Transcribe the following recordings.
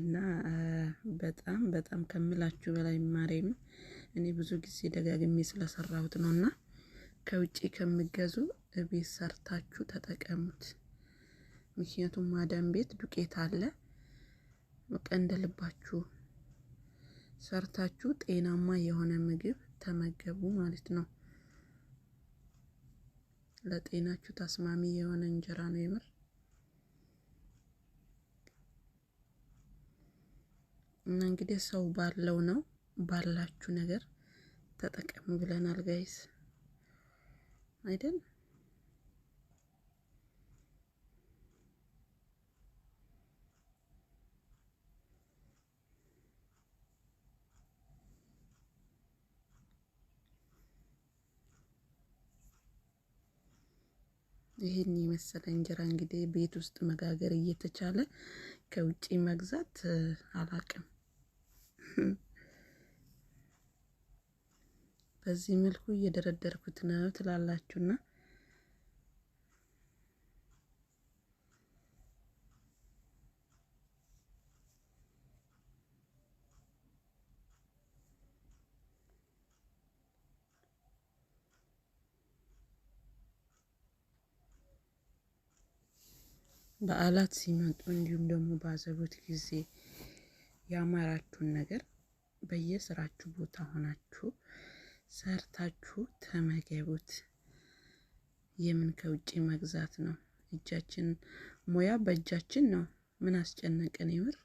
እና በጣም በጣም ከምላችሁ በላይ ማርያም እኔ ብዙ ጊዜ ደጋግሜ ስለሰራሁት ነው። እና ከውጭ ከሚገዙ ቤት ሰርታችሁ ተጠቀሙት። ምክንያቱም ማዳም ቤት ዱቄት አለ። በቃ እንደልባችሁ ሰርታችሁ ጤናማ የሆነ ምግብ ተመገቡ ማለት ነው። ለጤናችሁ ተስማሚ የሆነ እንጀራ ነው የምር እና እንግዲህ ሰው ባለው ነው ባላችሁ ነገር ተጠቀሙ ብለናል ጋይስ አይደል? ይህን የመሰለ እንጀራ እንግዲህ ቤት ውስጥ መጋገር እየተቻለ ከውጭ መግዛት አላቅም። በዚህ መልኩ እየደረደርኩት ነው ትላላችሁና በዓላት ሲመጡ እንዲሁም ደግሞ ባዘቦት ጊዜ ያማራችሁን ነገር በየስራችሁ ቦታ ሆናችሁ ሰርታችሁ ተመገቡት። የምን ከውጭ መግዛት ነው? እጃችን ሙያ በእጃችን ነው። ምን አስጨነቀን? ይምር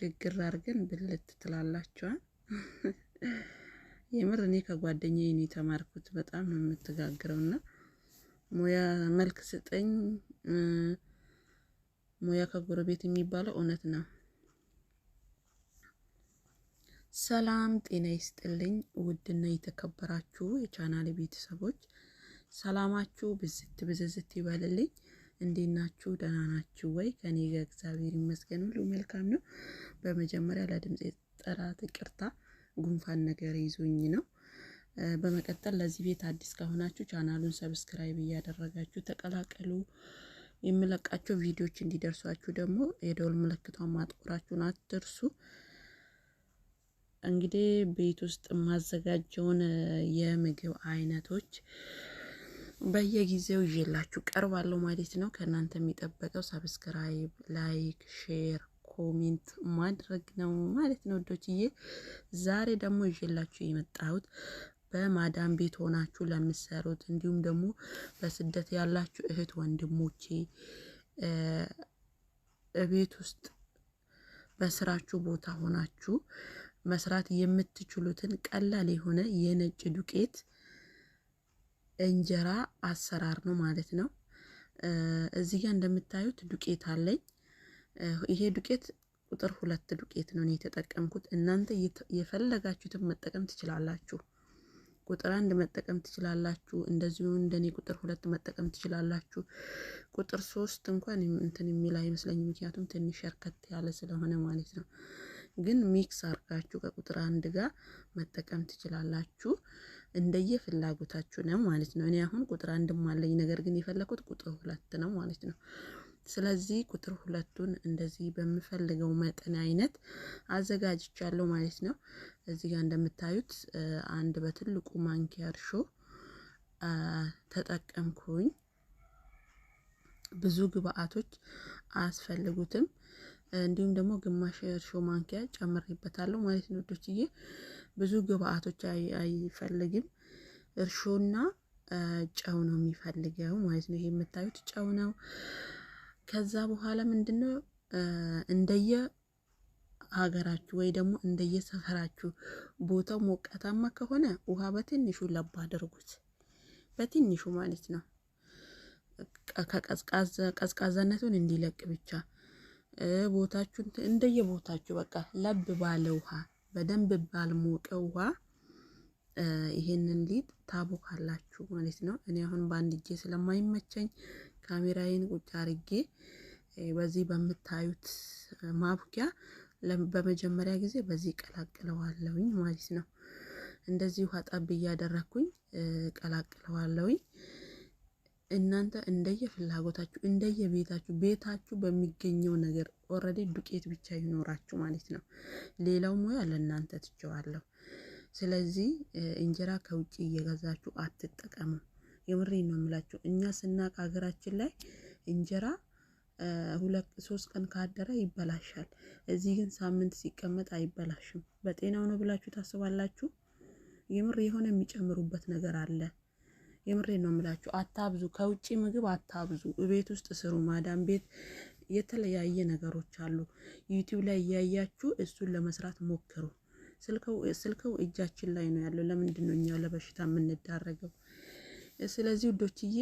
ግግር አድርገን ብልት ትላላችኋል። የምር እኔ ከጓደኛ ነው የተማርኩት። በጣም ነው የምትጋግረው እና ሙያ መልክ ስጠኝ ሙያ ከጎረቤት የሚባለው እውነት ነው። ሰላም ጤና ይስጥልኝ። ውድና የተከበራችሁ የቻናል ቤተሰቦች ሰላማችሁ ብዝት ብዝዝት ይበልልኝ። እንዴት ናችሁ? ደህና ናችሁ ወይ? ከኔ ጋር እግዚአብሔር ይመስገን ሁሉ መልካም ነው። በመጀመሪያ ለድምፅ ጥራት ይቅርታ፣ ጉንፋን ነገር ይዞኝ ነው። በመቀጠል ለዚህ ቤት አዲስ ከሆናችሁ ቻናሉን ሰብስክራይብ እያደረጋችሁ ተቀላቀሉ። የምለቃቸው ቪዲዮዎች እንዲደርሷችሁ ደግሞ የደወል ምልክቷን ማጥቆራችሁን አትርሱ። እንግዲህ ቤት ውስጥ የማዘጋጀውን የምግብ አይነቶች በየጊዜው ይዤላችሁ ቀርባለሁ ማለት ነው። ከእናንተ የሚጠበቀው ሰብስክራይብ፣ ላይክ፣ ሼር፣ ኮሜንት ማድረግ ነው ማለት ነው ወዶችዬ። ዛሬ ደግሞ ይዤላችሁ የመጣሁት በማዳም ቤት ሆናችሁ ለምሰሩት እንዲሁም ደግሞ በስደት ያላችሁ እህት ወንድሞቼ ቤት ውስጥ በስራችሁ ቦታ ሆናችሁ መስራት የምትችሉትን ቀላል የሆነ የነጭ ዱቄት እንጀራ አሰራር ነው ማለት ነው። እዚህ ጋር እንደምታዩት ዱቄት አለኝ። ይሄ ዱቄት ቁጥር ሁለት ዱቄት ነው የተጠቀምኩት። እናንተ የፈለጋችሁትን መጠቀም ትችላላችሁ። ቁጥር አንድ መጠቀም ትችላላችሁ። እንደዚሁ እንደኔ ቁጥር ሁለት መጠቀም ትችላላችሁ። ቁጥር ሶስት እንኳን እንትን የሚል አይመስለኝም፣ ምክንያቱም ትንሽ ሸርከት ያለ ስለሆነ ማለት ነው። ግን ሚክስ አርጋችሁ ከቁጥር አንድ ጋር መጠቀም ትችላላችሁ። እንደየ ፍላጎታችሁ ነው ማለት ነው። እኔ አሁን ቁጥር አንድም አለኝ፣ ነገር ግን የፈለኩት ቁጥር ሁለት ነው ማለት ነው። ስለዚህ ቁጥር ሁለቱን እንደዚህ በምፈልገው መጠን አይነት አዘጋጅቻለሁ ማለት ነው። እዚህ ጋር እንደምታዩት አንድ በትልቁ ማንኪያ እርሾ ተጠቀምኩኝ። ብዙ ግብአቶች አያስፈልጉትም። እንዲሁም ደግሞ ግማሽ እርሾ ማንኪያ ጨምሬበታለሁ ማለት ነው ውዶችዬ። ብዙ ግብአቶች አይፈልግም። እርሾና ጨው ነው የሚፈልገው ማለት ነው። ይሄ የምታዩት ጨው ነው። ከዛ በኋላ ምንድነው እንደየ ሀገራችሁ ወይ ደግሞ እንደየ ሰፈራችሁ ቦታው ሞቃታማ ከሆነ ውሃ በትንሹ ለብ አድርጉት፣ በትንሹ ማለት ነው። ከቀዝቃዛነቱን እንዲለቅ ብቻ ቦታችሁ በቃ ለብ ባለ ውሃ በደንብ ባልሞቀ ውሃ ይሄንን ሊጥ ታቦካላችሁ ማለት ነው። እኔ አሁን በአንድ እጄ ስለማይመቸኝ ካሜራዬን ቁጭ አርጌ በዚህ በምታዩት ማቡኪያ በመጀመሪያ ጊዜ በዚህ ቀላቅለዋለሁኝ ማለት ነው። እንደዚህ ውሃ ጣብ እያደረግኩኝ ቀላቅለዋለሁኝ። እናንተ እንደየ ፍላጎታችሁ እንደየ ቤታችሁ ቤታችሁ በሚገኘው ነገር ኦልሬዲ ዱቄት ብቻ ይኖራችሁ ማለት ነው። ሌላው ሙያ ለእናንተ ትቸዋለሁ። ስለዚህ እንጀራ ከውጭ እየገዛችሁ አትጠቀሙ። የምሬ ነው የምላችሁ። እኛ ስናቅ ሀገራችን ላይ እንጀራ ሁለት ሶስት ቀን ካደረ ይበላሻል። እዚህ ግን ሳምንት ሲቀመጥ አይበላሽም። በጤናው ነው ብላችሁ ታስባላችሁ። የምር የሆነ የሚጨምሩበት ነገር አለ የምሬ ነው የምላችሁ። አታብዙ፣ ከውጭ ምግብ አታብዙ፣ ቤት ውስጥ ስሩ። ማዳም ቤት የተለያየ ነገሮች አሉ። ዩቲዩብ ላይ እያያችሁ እሱን ለመስራት ሞክሩ። ስልከው እጃችን ላይ ነው ያለው። ለምንድን ነው እኛው ለበሽታ የምንዳረገው? ስለዚህ ውዶችዬ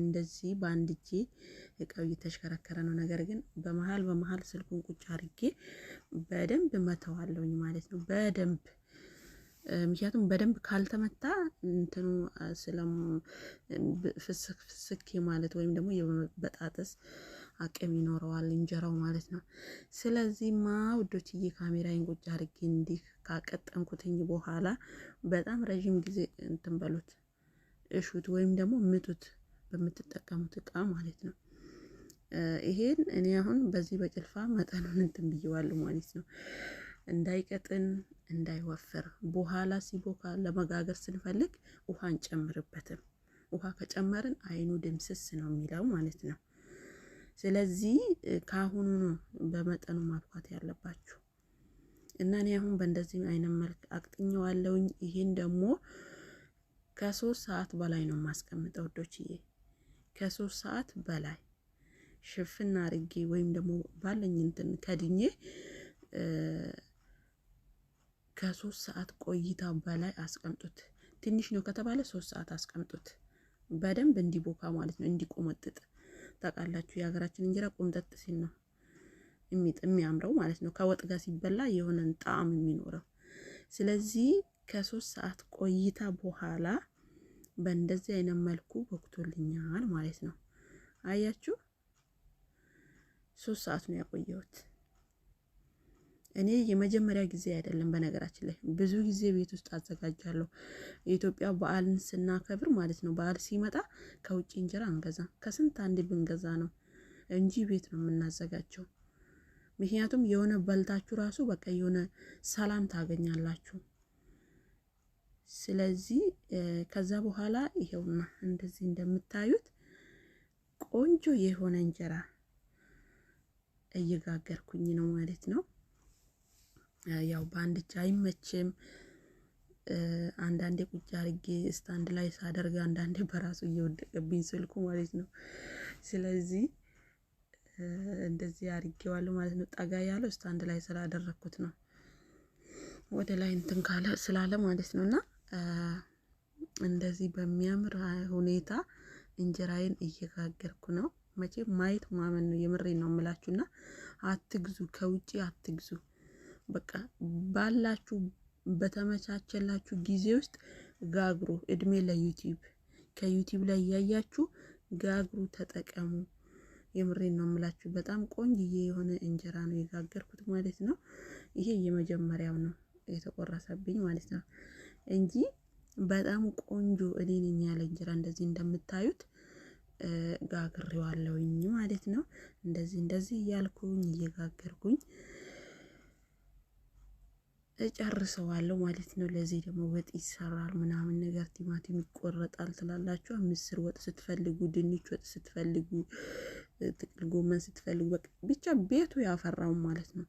እንደዚህ በአንድ እጄ እቃው እየተሽከረከረ ነው። ነገር ግን በመሀል በመሀል ስልኩን ቁጭ አድርጌ በደንብ መተዋለውኝ ማለት ነው በደንብ ምክንያቱም በደንብ ካልተመታ እንትኑ ፍስክ ፍስክ ማለት ወይም ደግሞ የመበጣጠስ አቅም ይኖረዋል እንጀራው ማለት ነው። ስለዚህ ማ ውዶችዬ ካሜራዬን ቁጭ አድርጌ እንዲህ ካቀጠንኩትኝ በኋላ በጣም ረዥም ጊዜ እንትን በሉት እሹት፣ ወይም ደግሞ ምቱት በምትጠቀሙት እቃ ማለት ነው። ይሄን እኔ አሁን በዚህ በጭልፋ መጠኑን እንትን ብየዋለሁ ማለት ነው እንዳይቀጥን እንዳይወፍር በኋላ ሲቦካ ለመጋገር ስንፈልግ ውሃ አንጨምርበትም። ውሃ ከጨመርን አይኑ ድምስስ ነው የሚለው ማለት ነው። ስለዚህ ከአሁኑ ነው በመጠኑ ማብኳት ያለባችሁ እና እኔ አሁን በእንደዚህ አይነት መልክ አቅጥኘዋለውኝ። ይህን ደግሞ ከሶስት ሰዓት በላይ ነው የማስቀምጠው ወዶችዬ፣ ከሶስት ሰዓት በላይ ሽፍና አርጌ ወይም ደግሞ ባለኝ እንትን ከድኜ ከሶስት ሰዓት ቆይታ በላይ አስቀምጡት። ትንሽ ነው ከተባለ ሶስት ሰዓት አስቀምጡት። በደንብ እንዲቦካ ማለት ነው፣ እንዲቆመጥጥ። ታውቃላችሁ የሀገራችን እንጀራ ቁምጠጥ ሲል ነው የሚያምረው ማለት ነው። ከወጥ ጋር ሲበላ የሆነን ጣዕም የሚኖረው። ስለዚህ ከሶስት ሰዓት ቆይታ በኋላ በእንደዚህ አይነት መልኩ ቦክቶልኛል ማለት ነው። አያችሁ ሶስት ሰዓት ነው ያቆየሁት። እኔ የመጀመሪያ ጊዜ አይደለም። በነገራችን ላይ ብዙ ጊዜ ቤት ውስጥ አዘጋጃለሁ። የኢትዮጵያ በዓልን ስናከብር ማለት ነው። በዓል ሲመጣ ከውጭ እንጀራ እንገዛ ከስንት አንድ ብንገዛ ነው እንጂ ቤት ነው የምናዘጋጀው። ምክንያቱም የሆነ በልታችሁ ራሱ በቃ የሆነ ሰላም ታገኛላችሁ። ስለዚህ ከዛ በኋላ ይሄውና እንደዚህ እንደምታዩት ቆንጆ የሆነ እንጀራ እየጋገርኩኝ ነው ማለት ነው። ያው በአንድ እጅ አይመችም። አንዳንዴ ቁጭ አርጌ ስታንድ ላይ ሳደርግ አንዳንዴ በራሱ እየወደቀብኝ ስልኩ ማለት ነው። ስለዚህ እንደዚህ አድርጌዋለሁ ማለት ነው። ጠጋ ያለው ስታንድ ላይ ስላደረግኩት ነው ወደ ላይ እንትን ካለ ስላለ ማለት ነው። እና እንደዚህ በሚያምር ሁኔታ እንጀራዬን እየጋገርኩ ነው። መቼ ማየት ማመን ነው። የምሬ ነው የምላችሁና አትግዙ፣ ከውጭ አትግዙ። በቃ ባላችሁ በተመቻቸላችሁ ጊዜ ውስጥ ጋግሮ እድሜ ለዩቲዩብ ከዩቲዩብ ላይ እያያችሁ ጋግሩ፣ ተጠቀሙ። የምሬን ነው የምላችሁ። በጣም ቆንጅዬ የሆነ እንጀራ ነው የጋገርኩት ማለት ነው። ይሄ የመጀመሪያው ነው የተቆረሰብኝ ማለት ነው እንጂ በጣም ቆንጆ እኔ ነኝ ያለ እንጀራ እንደዚህ እንደምታዩት ጋግሬዋለሁኝ ማለት ነው። እንደዚህ እንደዚህ እያልኩኝ እየጋገርኩኝ ጨርሰዋለሁ ማለት ነው። ለዚህ ደግሞ ወጥ ይሰራል ምናምን ነገር ቲማቲም ይቆረጣል ትላላችሁ። ምስር ወጥ ስትፈልጉ፣ ድንች ወጥ ስትፈልጉ፣ ጥቅል ጎመን ስትፈልጉ፣ በቃ ብቻ ቤቱ ያፈራው ማለት ነው።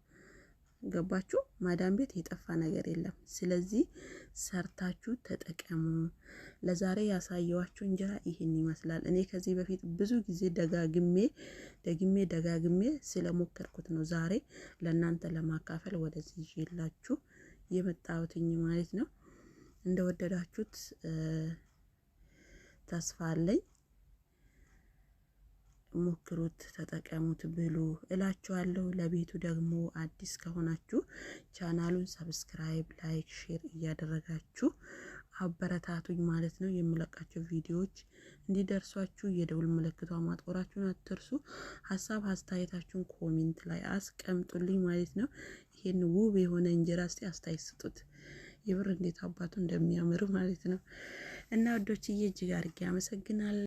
ገባችሁ? ማዳም ቤት የጠፋ ነገር የለም። ስለዚህ ሰርታችሁ ተጠቀሙ። ለዛሬ ያሳየዋችሁ እንጀራ ይህን ይመስላል። እኔ ከዚህ በፊት ብዙ ጊዜ ደጋግሜ ደግሜ ደጋግሜ ስለሞከርኩት ነው ዛሬ ለእናንተ ለማካፈል ወደዚህ ይዤላችሁ የመጣሁትኝ ማለት ነው። እንደወደዳችሁት ተስፋ አለኝ። ሞክሩት፣ ተጠቀሙት፣ ብሉ እላችኋለሁ። ለቤቱ ደግሞ አዲስ ከሆናችሁ ቻናሉን ሰብስክራይብ፣ ላይክ፣ ሼር እያደረጋችሁ አበረታቱኝ ማለት ነው። የምለቃቸው ቪዲዮዎች እንዲደርሷችሁ የደውል ምልክቷ ማጥቆራችሁን አትርሱ። ሀሳብ አስተያየታችሁን ኮሜንት ላይ አስቀምጡልኝ ማለት ነው። ይሄን ውብ የሆነ እንጀራ እስቲ አስተያየት ስጡት። የብር እንዴት አባቱ እንደሚያምር ማለት ነው። እና ወዶች እጅግ አድርጌ አመሰግናለሁ።